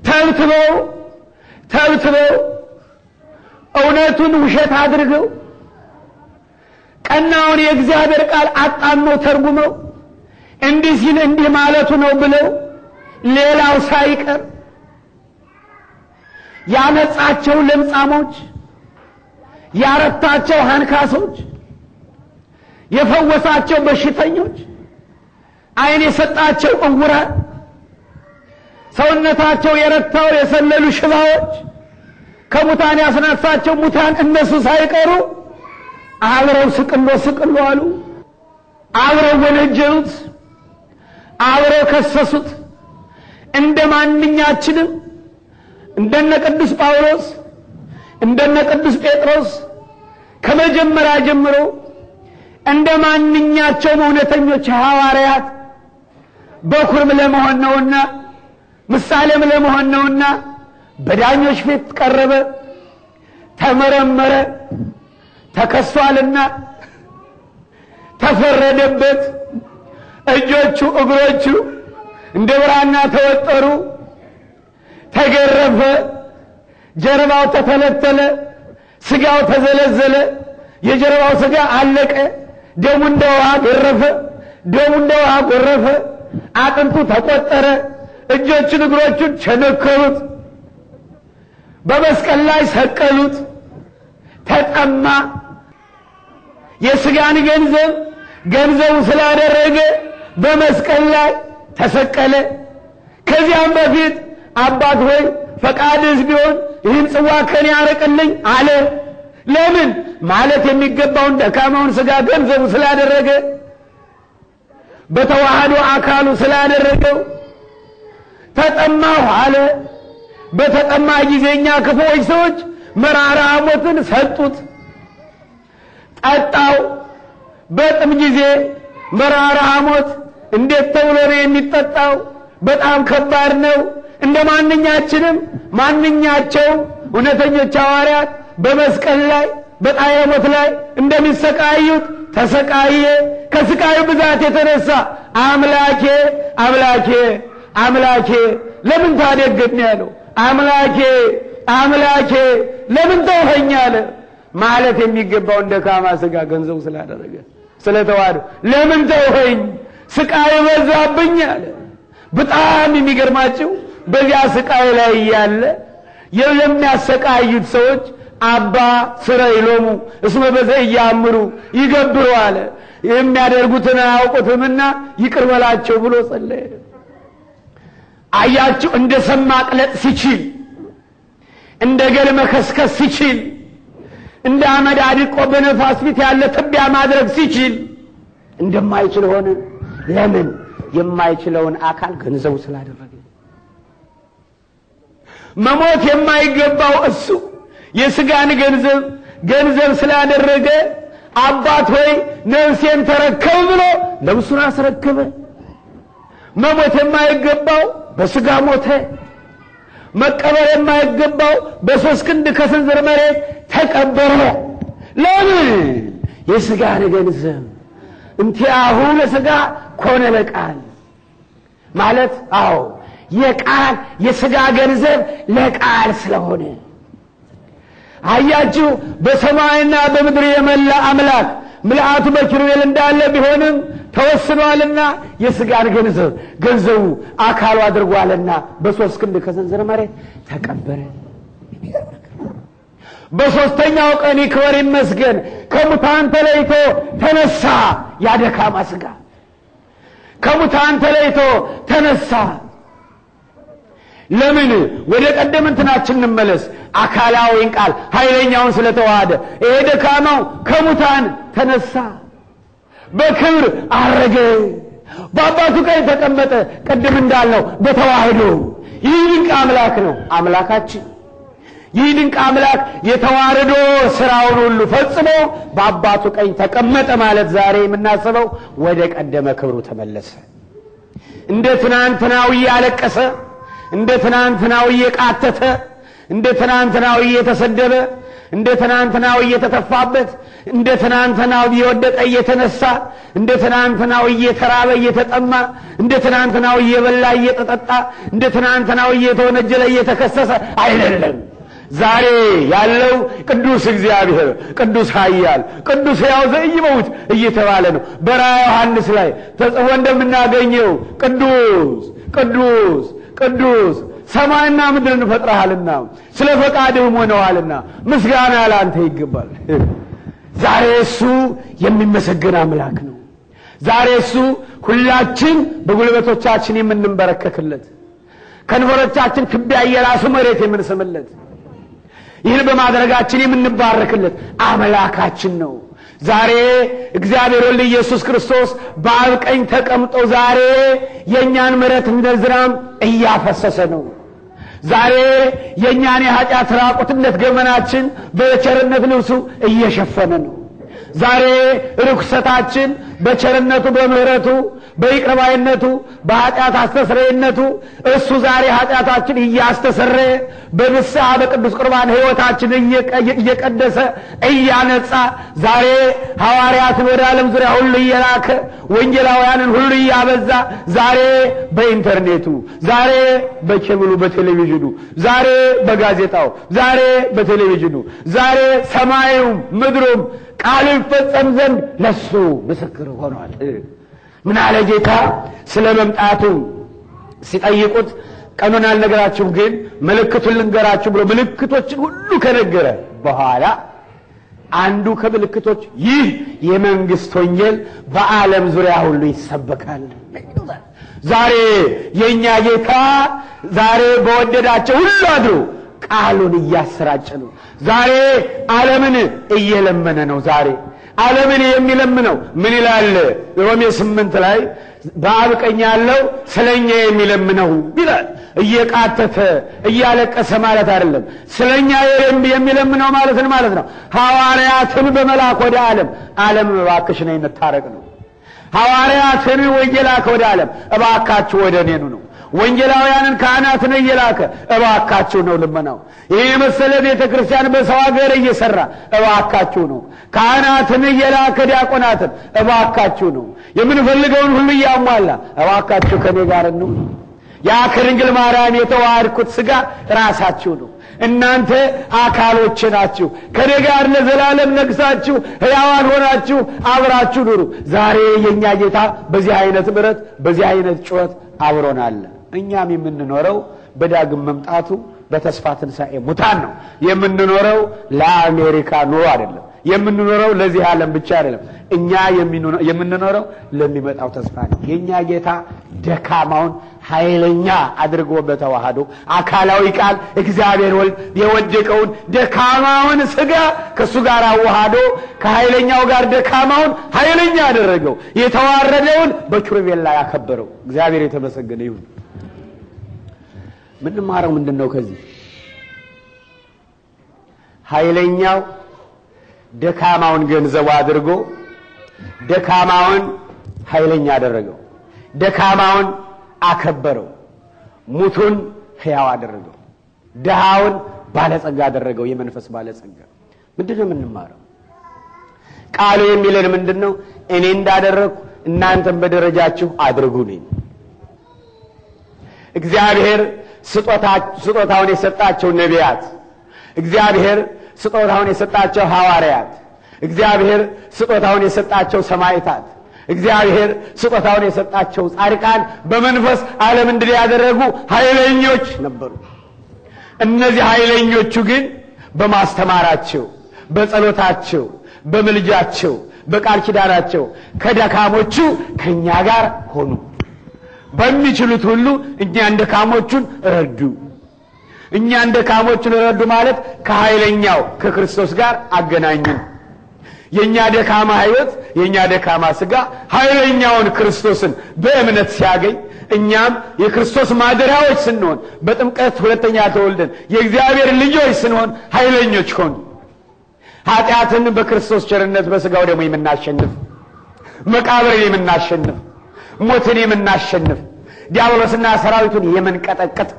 ተብትበው ተብትበው እውነቱን ውሸት አድርገው ቀናውን የእግዚአብሔር ቃል አጣመው ተርጉመው እንዲህ ሲል እንዲህ ማለቱ ነው ብለው ሌላው ሳይቀር ያነጻቸው ለምጻሞች፣ ያረታቸው አንካሶች፣ የፈወሳቸው በሽተኞች፣ ዓይን የሰጣቸው እውራን ሰውነታቸው የረታው የሰለሉ ሽባዎች ከሙታን ያስነሳቸው ሙታን እነሱ ሳይቀሩ አብረው ስቅሎ ስቅሎ አሉ። አብረው ወነጀሉት፣ አብረው ከሰሱት። እንደ ማንኛችንም እንደነ ቅዱስ ጳውሎስ እንደነ ቅዱስ ጴጥሮስ ከመጀመሪያ ጀምሮ እንደ ማንኛቸውም እውነተኞች ሐዋርያት በኩርም ለመሆን ነውና ምሳሌም ለመሆን ነውና በዳኞች ፊት ቀረበ፣ ተመረመረ፣ ተከሷልና ተፈረደበት። እጆቹ እግሮቹ እንደ ብራና ተወጠሩ፣ ተገረፈ፣ ጀርባው ተተለተለ፣ ስጋው ተዘለዘለ። የጀርባው ስጋ አለቀ። ደሙ እንደ ውሃ ገረፈ፣ ደሙ እንደ ውሃ ጎረፈ። አጥንቱ ተቆጠረ። እጆቹን እግሮቹን ቸነከሩት፣ በመስቀል ላይ ሰቀሉት። ተጠማ። የስጋን ገንዘብ ገንዘቡ ስላደረገ በመስቀል ላይ ተሰቀለ። ከዚያም በፊት አባት ሆይ ፈቃድስ ቢሆን ይህን ጽዋ ከኔ ያርቅልኝ አለ። ለምን ማለት የሚገባውን ደካማውን ስጋ ገንዘቡ ስላደረገ በተዋህዶ አካሉ ስላደረገው ተጠማሁ አለ። በተጠማ ጊዜ እኛ ክፉዎች ሰዎች መራራ ሐሞትን ሰጡት፣ ጠጣው። በጥም ጊዜ መራራ ሐሞት እንዴት ተብሎ ነው የሚጠጣው? በጣም ከባድ ነው። እንደ ማንኛችንም ማንኛቸውም እውነተኞች ሐዋርያት በመስቀል ላይ በጣየ ሞት ላይ እንደሚሰቃዩት ተሰቃየ። ከስቃዩ ብዛት የተነሳ አምላኬ አምላኬ አምላኬ ለምን ታደገኝ ያለው አምላኬ አምላኬ ለምን ተውኸኝ አለ። ማለት የሚገባው እንደ ካማ ስጋ ገንዘቡ ስላደረገ ስለተዋደ ለምን ተውኸኝ ስቃይ በዛብኝ አለ። በጣም የሚገርማቸው በዚያ ስቃይ ላይ ያለ የሚያሰቃዩት ሰዎች አባ ይሎሙ እስመ በዘ እያምሩ ይገብሩ አለ። የሚያደርጉትን አያውቁትምና ይቅር በላቸው ብሎ ጸለየ። አያችሁ፣ እንደ ሰም ማቅለጥ ሲችል፣ እንደ ገል መከስከስ ሲችል፣ እንደ አመድ አድቆ በነፋስ ፊት ያለ ትቢያ ማድረግ ሲችል እንደማይችል ሆነ። ለምን? የማይችለውን አካል ገንዘቡ ስላደረገ። መሞት የማይገባው እሱ የስጋን ገንዘብ ገንዘብ ስላደረገ አባት ሆይ ነፍሴን ተረከብ ብሎ ነፍሱን አስረከበ። መሞት የማይገባው በስጋ ሞተ። መቀበር የማይገባው በሶስት ክንድ ከስንዝር መሬት ተቀበረ። ለምን? የስጋ ገንዘብ እንቲአሁ ለስጋ ኮነ ለቃል ማለት አዎ፣ የቃል የስጋ ገንዘብ ለቃል ስለሆነ አያችሁ፣ በሰማይና በምድር የመላ አምላክ ምልአቱ በኪሩቤል እንዳለ ቢሆንም ተወስኗልና የስጋን ገንዘብ ገንዘቡ አካሉ አድርጓልና በሶስት ክንድ ከሰንዝር መሬት ተቀበረ። በሶስተኛው ቀን ይክበር ይመስገን ከሙታን ተለይቶ ተነሳ። ያደካማ ስጋ ከሙታን ተለይቶ ተነሳ። ለምን ወደ ቀደም እንትናችን እንመለስ። አካላዊን ቃል ኃይለኛውን ስለተዋሃደ ይሄ ደካማው ከሙታን ተነሳ። በክብር አረገ፣ በአባቱ ቀኝ ተቀመጠ። ቅድም እንዳልነው በተዋህዶ ይህ ድንቅ አምላክ ነው አምላካችን። ይህ ድንቅ አምላክ የተዋረዶ ስራውን ሁሉ ፈጽሞ በአባቱ ቀኝ ተቀመጠ ማለት ዛሬ የምናስበው ወደ ቀደመ ክብሩ ተመለሰ። እንደ ትናንትናው እያለቀሰ፣ እንደ ትናንትናው እየቃተተ እንደ ትናንትናው እየተሰደበ እንደ ትናንትናው እየተተፋበት እንደ ትናንትናው እየወደቀ እየተነሳ እንደ ትናንትናው እየተራበ እየተጠማ እንደ ትናንትናው እየበላ እየተጠጣ እንደ ትናንትናው እየተወነጀለ እየተከሰሰ አይደለም። ዛሬ ያለው ቅዱስ እግዚአብሔር ቅዱስ ኃያል ቅዱስ ሕያው ዘኢይመውት እየተባለ ነው። በራእየ ዮሐንስ ላይ ተጽፎ እንደምናገኘው ቅዱስ ቅዱስ ቅዱስ ሰማይና ምድርን ፈጥረሃልና ስለ ፈቃድህም ሆነዋልና ምስጋና ለአንተ ይገባል። ዛሬ እሱ የሚመሰገን አምላክ ነው። ዛሬ እሱ ሁላችን በጉልበቶቻችን የምንንበረከክለት፣ ከንፈሮቻችን ትቢያ የራሱ መሬት የምንስምለት፣ ይህን በማድረጋችን የምንባረክለት አምላካችን ነው። ዛሬ እግዚአብሔር ወልድ ኢየሱስ ክርስቶስ በአብ ቀኝ ተቀምጦ ዛሬ የእኛን ምሕረት እንደ ዝናም እያፈሰሰ ነው። ዛሬ የእኛን የኃጢአት ራቁትነት ገመናችን በቸርነት ልብሱ እየሸፈነ ነው። ዛሬ ርኩሰታችን በቸርነቱ በምሕረቱ በይቅርባይነቱ በኃጢአት አስተስረይነቱ እሱ ዛሬ ኃጢአታችን እያስተሰረ በንስሐ በቅዱስ ቁርባን ህይወታችን እየቀደሰ እያነጻ ዛሬ ሐዋርያትን ወደ ዓለም ዙሪያ ሁሉ እየላከ ወንጌላውያንን ሁሉ እያበዛ ዛሬ በኢንተርኔቱ ዛሬ በኬብሉ በቴሌቪዥኑ ዛሬ በጋዜጣው ዛሬ በቴሌቪዥኑ ዛሬ ሰማዩም ምድሩም ቃሉ ይፈጸም ዘንድ ለሱ ምስክር ሆኗል። ምን አለ ጌታ? ስለ መምጣቱ ሲጠይቁት ቀኑን አልነገራችሁም፣ ግን ምልክቱን ልንገራችሁ ብሎ ምልክቶችን ሁሉ ከነገረ በኋላ አንዱ ከምልክቶች ይህ የመንግስት ወንጌል በዓለም ዙሪያ ሁሉ ይሰበካል። ዛሬ የእኛ ጌታ ዛሬ በወደዳቸው ሁሉ አድሮ ቃሉን እያሰራጨ ነው። ዛሬ ዓለምን እየለመነ ነው። ዛሬ ዓለምን የሚለምነው ምን ይላል? ሮሜ ስምንት ላይ በአብ ቀኝ ያለው ስለኛ የሚለምነው ይላል። እየቃተተ እያለቀሰ ማለት አይደለም። ስለኛ የሚለምነው ማለትን ማለት ነው። ሐዋርያትን በመላክ ወደ ዓለም ዓለም እባክሽ ነይ እንታረቅ ነው። ሐዋርያትን ወየላክ ወደ ዓለም እባካችሁ ወደ እኔኑ ነው ወንጌላውያንን ካህናትን እየላከ እባካችሁ ነው ልመናው። ይህ የመሰለ ቤተ ክርስቲያን በሰው ሀገር እየሰራ እባካችሁ ነው ካህናትን እየላከ ዲያቆናትን እባካችሁ ነው የምንፈልገውን ሁሉ እያሟላ እባካችሁ ከኔ ጋር ነው። ያ ከድንግል ማርያም የተዋሃድኩት ስጋ ራሳችሁ ነው። እናንተ አካሎች ናችሁ። ከኔ ጋር ለዘላለም ነግሳችሁ ሕያዋን ሆናችሁ አብራችሁ ኑሩ። ዛሬ የእኛ ጌታ በዚህ አይነት ምረት በዚህ አይነት ጩኸት አብሮናል። እኛም የምንኖረው በዳግም መምጣቱ በተስፋ ትንሣኤ ሙታን ነው የምንኖረው። ለአሜሪካ ኑሮ አይደለም የምንኖረው፣ ለዚህ ዓለም ብቻ አይደለም። እኛ የምንኖረው ለሚመጣው ተስፋ ነው። የእኛ ጌታ ደካማውን ኃይለኛ አድርጎ በተዋህዶ አካላዊ ቃል እግዚአብሔር ወልድ የወደቀውን ደካማውን ስጋ ከእሱ ጋር አዋሃዶ ከኃይለኛው ጋር ደካማውን ኃይለኛ አደረገው። የተዋረደውን በኪሩቤል ላይ አከበረው። እግዚአብሔር የተመሰገነ ይሁን። ምንማረው ምንድን ነው? ከዚህ ኃይለኛው ደካማውን ገንዘቡ አድርጎ ደካማውን ኃይለኛ አደረገው። ደካማውን አከበረው። ሙቱን ሕያው አደረገው። ድሃውን ባለጸጋ አደረገው። የመንፈስ ባለጸጋ ምንድን ነው የምንማረው? ቃሉ የሚለን ምንድን ነው? እኔ እንዳደረግኩ እናንተም በደረጃችሁ አድርጉልኝ። እግዚአብሔር ስጦታውን የሰጣቸው ነቢያት፣ እግዚአብሔር ስጦታውን የሰጣቸው ሐዋርያት፣ እግዚአብሔር ስጦታውን የሰጣቸው ሰማይታት እግዚአብሔር ስጦታውን የሰጣቸው ጻድቃን በመንፈስ ዓለም እንድል ያደረጉ ኃይለኞች ነበሩ። እነዚህ ኃይለኞቹ ግን በማስተማራቸው፣ በጸሎታቸው፣ በምልጃቸው፣ በቃል ኪዳናቸው ከደካሞቹ ከእኛ ጋር ሆኑ። በሚችሉት ሁሉ እኛን ደካሞቹን ረዱ። እንደ ካሞቹን ረዱ ማለት ከኃይለኛው ከክርስቶስ ጋር አገናኙን። የእኛ ደካማ ህይወት የእኛ ደካማ ስጋ ኃይለኛውን ክርስቶስን በእምነት ሲያገኝ እኛም የክርስቶስ ማደሪያዎች ስንሆን በጥምቀት ሁለተኛ ተወልደን የእግዚአብሔር ልጆች ስንሆን ኃይለኞች ሆን ኃጢአትን በክርስቶስ ቸርነት በስጋው ደግሞ የምናሸንፍ መቃብርን የምናሸንፍ ሞትን የምናሸንፍ ዲያብሎስና ሰራዊቱን የምንቀጠቅጥ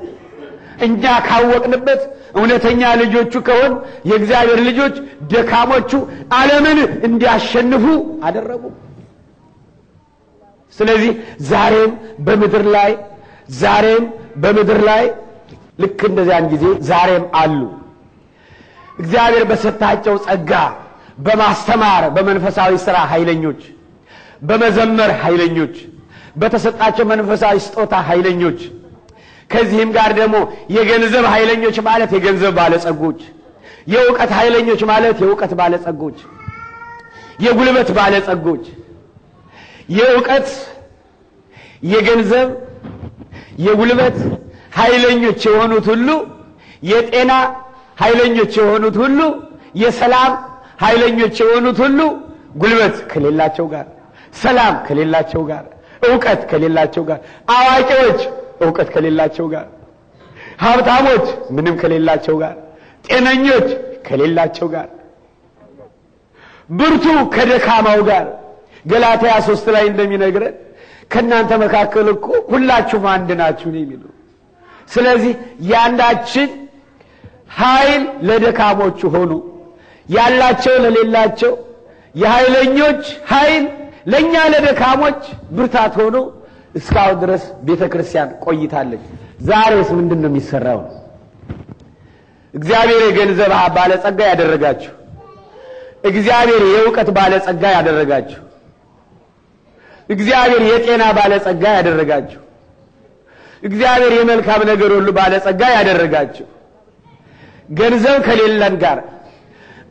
እኛ ካወቅንበት እውነተኛ ልጆቹ ከሆን የእግዚአብሔር ልጆች ደካሞቹ ዓለምን እንዲያሸንፉ አደረጉ። ስለዚህ ዛሬም በምድር ላይ ዛሬም በምድር ላይ ልክ እንደዚያን ጊዜ ዛሬም አሉ። እግዚአብሔር በሰጣቸው ጸጋ በማስተማር በመንፈሳዊ ሥራ ኃይለኞች፣ በመዘመር ኃይለኞች በተሰጣቸው መንፈሳዊ ስጦታ ኃይለኞች፣ ከዚህም ጋር ደግሞ የገንዘብ ኃይለኞች ማለት የገንዘብ ባለጸጎች፣ የእውቀት ኃይለኞች ማለት የእውቀት ባለጸጎች፣ የጉልበት ባለጸጎች፣ የእውቀት፣ የገንዘብ፣ የጉልበት ኃይለኞች የሆኑት ሁሉ የጤና ኃይለኞች የሆኑት ሁሉ የሰላም ኃይለኞች የሆኑት ሁሉ ጉልበት ከሌላቸው ጋር ሰላም ከሌላቸው ጋር እውቀት ከሌላቸው ጋር፣ አዋቂዎች እውቀት ከሌላቸው ጋር፣ ሀብታሞች ምንም ከሌላቸው ጋር፣ ጤነኞች ከሌላቸው ጋር፣ ብርቱ ከደካማው ጋር ገላትያ ሶስት ላይ እንደሚነግረን ከእናንተ መካከል እኮ ሁላችሁም አንድ ናችሁ ነው የሚሉ። ስለዚህ ያንዳችን ኃይል ለደካሞቹ ሆኑ፣ ያላቸው ለሌላቸው፣ የኃይለኞች ኃይል ለእኛ ለደካሞች ብርታት ሆኖ እስካሁን ድረስ ቤተ ክርስቲያን ቆይታለች። ዛሬስ ምንድን ነው የሚሰራው? እግዚአብሔር የገንዘብ ባለጸጋ ያደረጋችሁ፣ እግዚአብሔር የእውቀት ባለጸጋ ያደረጋችሁ፣ እግዚአብሔር የጤና ባለጸጋ ያደረጋችሁ፣ እግዚአብሔር የመልካም ነገር ሁሉ ባለጸጋ ያደረጋችሁ ገንዘብ ከሌለን ጋር፣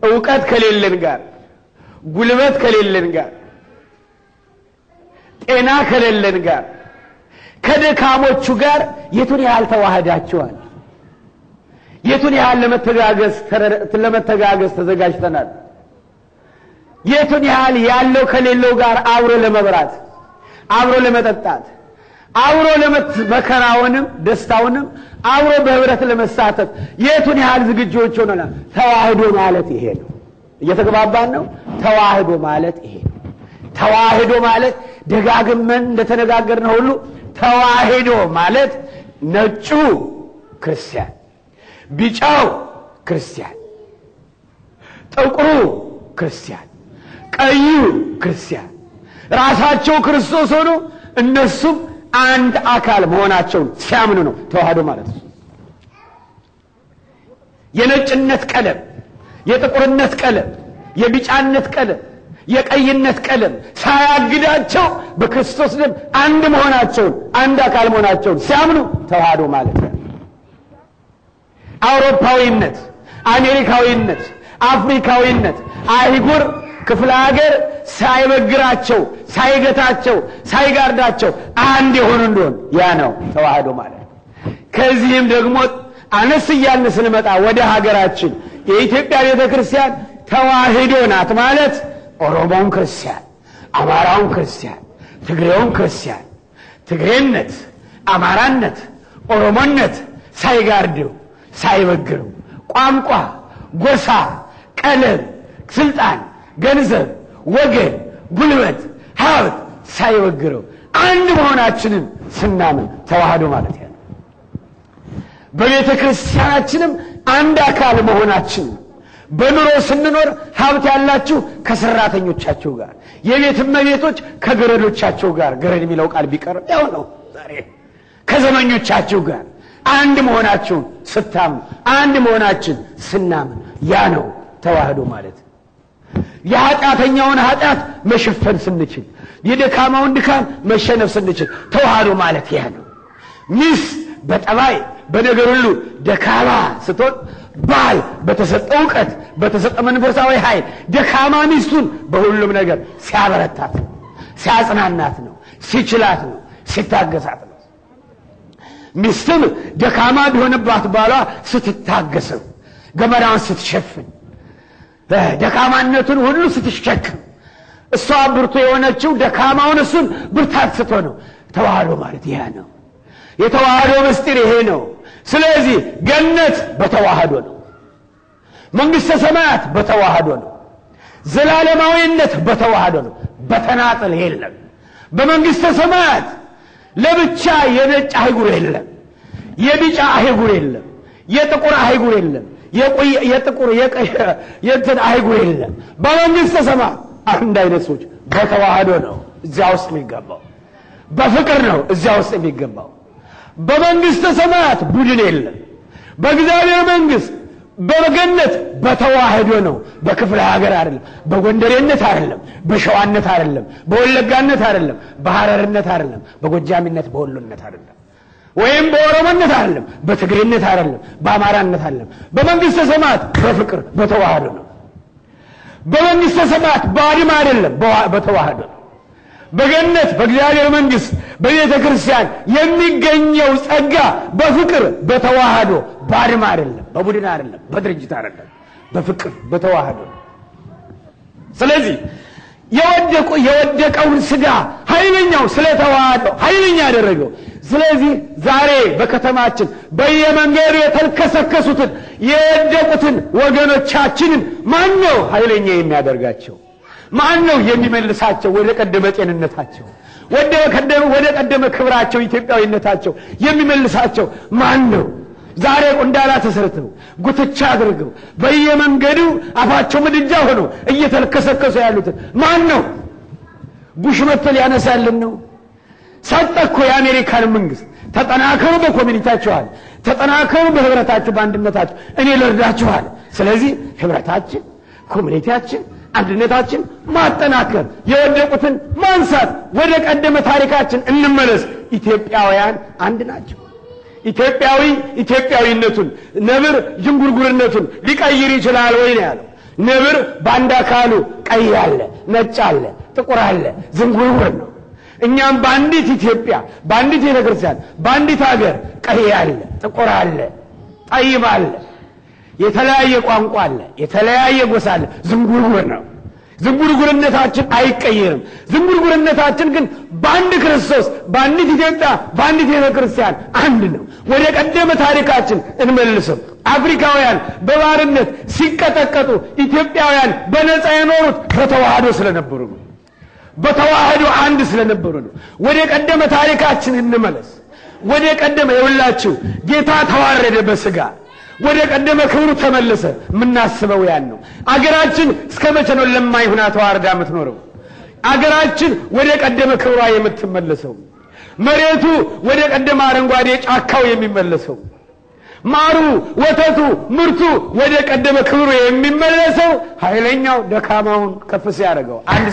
እውቀት ከሌለን ጋር፣ ጉልበት ከሌለን ጋር ጤና ከሌለን ጋር ከድካሞቹ ጋር የቱን ያህል ተዋህዳቸዋል? የቱን ያህል ለመተጋገዝ ተዘጋጅተናል? የቱን ያህል ያለው ከሌለው ጋር አብሮ ለመብራት፣ አብሮ ለመጠጣት፣ አብሮ መከራውንም ደስታውንም አብሮ በህብረት ለመሳተፍ የቱን ያህል ዝግጁዎች ሆነናል? ተዋህዶ ማለት ይሄ ነው። እየተግባባን ነው። ተዋህዶ ማለት ይሄ ተዋህዶ ማለት ደጋግመን እንደተነጋገርነው ሁሉ ተዋህዶ ማለት ነጩ ክርስቲያን፣ ቢጫው ክርስቲያን፣ ጥቁሩ ክርስቲያን፣ ቀዩ ክርስቲያን ራሳቸው ክርስቶስ ሆኖ እነሱም አንድ አካል መሆናቸውን ሲያምኑ ነው ተዋህዶ ማለት ነው። የነጭነት ቀለም፣ የጥቁርነት ቀለም፣ የቢጫነት ቀለም የቀይነት ቀለም ሳያግዳቸው በክርስቶስ ደም አንድ መሆናቸውን አንድ አካል መሆናቸውን ሲያምኑ ተዋህዶ ማለት ነው። አውሮፓዊነት፣ አሜሪካዊነት፣ አፍሪካዊነት አይጉር ክፍለ ሀገር ሳይበግራቸው ሳይገታቸው ሳይጋርዳቸው አንድ የሆኑ እንደሆን ያ ነው ተዋህዶ ማለት። ከዚህም ደግሞ አነስ እያልን ስንመጣ ወደ ሀገራችን የኢትዮጵያ ቤተ ክርስቲያን ተዋህዶ ናት ማለት ኦሮሞውን ክርስቲያን፣ አማራውን ክርስቲያን፣ ትግሬውን ክርስቲያን ትግሬነት፣ አማራነት፣ ኦሮሞነት ሳይጋርደው ሳይበግረው ቋንቋ፣ ጎሳ፣ ቀለም፣ ስልጣን፣ ገንዘብ፣ ወገን፣ ጉልበት፣ ሀብት ሳይበግረው አንድ መሆናችንን ስናምን ተዋህዶ ማለት ያ በቤተ ክርስቲያናችንም አንድ አካል መሆናችን በኑሮ ስንኖር ሀብት ያላችሁ ከሰራተኞቻቸው ጋር፣ የቤት እመቤቶች ከገረዶቻቸው ጋር፣ ገረድ የሚለው ቃል ቢቀርም ያው ነው ዛሬ ከዘመኞቻችሁ ጋር አንድ መሆናችሁን ስታምኑ፣ አንድ መሆናችን ስናምን፣ ያ ነው ተዋህዶ ማለት። የኃጢአተኛውን ኃጢአት መሸፈን ስንችል፣ የደካማውን ድካም መሸነፍ ስንችል፣ ተዋህዶ ማለት ያ ነው ሚስት በጠባይ በነገር ሁሉ ደካማ ስትሆን ባል በተሰጠ እውቀት በተሰጠ መንፈሳዊ ኃይል ደካማ ሚስቱን በሁሉም ነገር ሲያበረታት ነው፣ ሲያጽናናት ነው፣ ሲችላት ነው፣ ሲታገሳት ነው። ሚስትም ደካማ ቢሆንባት ባሏ ስትታገሰው ገመዳውን ስትሸፍን ደካማነቱን ሁሉ ስትሸክም እሷ ብርቱ የሆነችው ደካማውን እሱን ብርታት ስትሆነው ተዋህዶ ማለት ያ ነው። የተዋህዶ ምስጢር ይሄ ነው። ስለዚህ ገነት በተዋህዶ ነው። መንግሥተ ሰማያት በተዋህዶ ነው። ዘላለማዊነት በተዋህዶ ነው። በተናጠል የለም። በመንግሥተ ሰማያት ለብቻ የነጭ አህጉር የለም፣ የቢጫ አህጉር የለም፣ የጥቁር አህጉር የለም፣ የጥቁር የእንትን አህጉር የለም። በመንግሥተ ሰማያት አንድ አይነት ሰዎች በተዋህዶ ነው እዚያ ውስጥ የሚገባው፣ በፍቅር ነው እዚያ ውስጥ የሚገባው። በመንግስተ ሰማያት ቡድን የለም። በእግዚአብሔር መንግስት በገነት በተዋህዶ ነው። በክፍለ ሀገር አይደለም፣ በጎንደሬነት አይደለም፣ በሸዋነት አይደለም፣ በወለጋነት አይደለም፣ በሐረርነት አይደለም፣ በጎጃሚነት በወሎነት አይደለም፣ ወይም በኦሮሞነት አይደለም፣ በትግሬነት አይደለም፣ በአማራነት አይደለም። በመንግስተ ሰማያት በፍቅር በተዋህዶ ነው። በመንግስተ ሰማያት በአድማ አይደለም፣ በተዋህዶ ነው። በገነት በእግዚአብሔር መንግስት በቤተ ክርስቲያን የሚገኘው ጸጋ በፍቅር በተዋህዶ ባድማ አይደለም፣ በቡድን አይደለም፣ በድርጅት አይደለም፣ በፍቅር በተዋህዶ። ስለዚህ የወደቁ የወደቀውን ስጋ ኃይለኛው ስለተዋህዶ ኃይለኛ ያደረገው። ስለዚህ ዛሬ በከተማችን በየመንገዱ የተልከሰከሱትን የወደቁትን ወገኖቻችንን ማን ነው ኃይለኛ የሚያደርጋቸው? ማን ነው የሚመልሳቸው ወደ ቀደመ ጤንነታቸው? ወደ ቀደመ ክብራቸው ኢትዮጵያዊነታቸው የሚመልሳቸው ማን ነው? ዛሬ ቁንዳላ ተሰርተው ጉትቻ አድርገው በየመንገዱ አፋቸው ምድጃ ሆነው እየተልከሰከሱ ያሉትን ማን ነው? ቡሽ መጥቶ ሊያነሳልን ነው? ሰጠኮ የአሜሪካን መንግስት። ተጠናከሩ በኮሚኒታችኋል፣ ተጠናከሩ በህብረታችሁ፣ በአንድነታችሁ እኔ ልርዳችኋል። ስለዚህ ህብረታችን ኮሚኒቲያችን አንድነታችን ማጠናከር፣ የወደቁትን ማንሳት፣ ወደ ቀደመ ታሪካችን እንመለስ። ኢትዮጵያውያን አንድ ናቸው። ኢትዮጵያዊ ኢትዮጵያዊነቱን ነብር ዥንጉርጉርነቱን ሊቀይር ይችላል ወይ ነው ያለው። ነብር በአንድ አካሉ ቀይ አለ፣ ነጭ አለ፣ ጥቁር አለ፣ ዝንጉርጉር ነው። እኛም በአንዲት ኢትዮጵያ፣ በአንዲት ቤተክርስቲያን፣ በአንዲት ሀገር ቀይ አለ፣ ጥቁር አለ፣ ጠይም አለ የተለያየ ቋንቋ አለ፣ የተለያየ ጎሳ አለ። ዝንጉርጉር ነው። ዝንጉርጉርነታችን አይቀየርም። ዝንጉርጉርነታችን ግን በአንድ ክርስቶስ፣ በአንዲት ኢትዮጵያ፣ በአንዲት ቤተ ክርስቲያን አንድ ነው። ወደ ቀደመ ታሪካችን እንመልስም። አፍሪካውያን በባርነት ሲቀጠቀጡ ኢትዮጵያውያን በነፃ የኖሩት በተዋህዶ ስለነበሩ ነው። በተዋህዶ አንድ ስለነበሩ ነው። ወደ ቀደመ ታሪካችን እንመለስ። ወደ ቀደመ የውላችው ጌታ ተዋረደ በስጋ ወደ ቀደመ ክብሩ ተመለሰ። የምናስበው ያን ነው። አገራችን እስከ መቼ ነው ለማይሁና ተዋርዳ የምትኖረው? አገራችን ወደ ቀደመ ክብሯ የምትመለሰው፣ መሬቱ ወደ ቀደመ አረንጓዴ ጫካው የሚመለሰው፣ ማሩ፣ ወተቱ፣ ምርቱ ወደ ቀደመ ክብሩ የሚመለሰው ኃይለኛው ደካማውን ከፍ ሲያደርገው፣ አንድ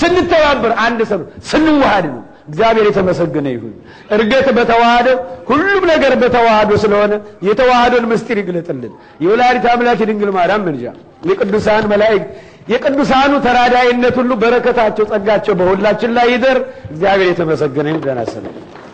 ስንተባበር፣ አንድ ሰው ስንዋሃድ ነው። እግዚአብሔር የተመሰገነ ይሁን። እርገት በተዋሃደ ሁሉም ነገር በተዋሃዶ ስለሆነ የተዋሃዶን ምስጢር ይግለጥልን። የወላዲተ አምላክ የድንግል ማርያም ምልጃ፣ የቅዱሳን መላእክት፣ የቅዱሳኑ ተራዳይነት ሁሉ በረከታቸው፣ ጸጋቸው በሁላችን ላይ ይደር። እግዚአብሔር የተመሰገነ ይሁን።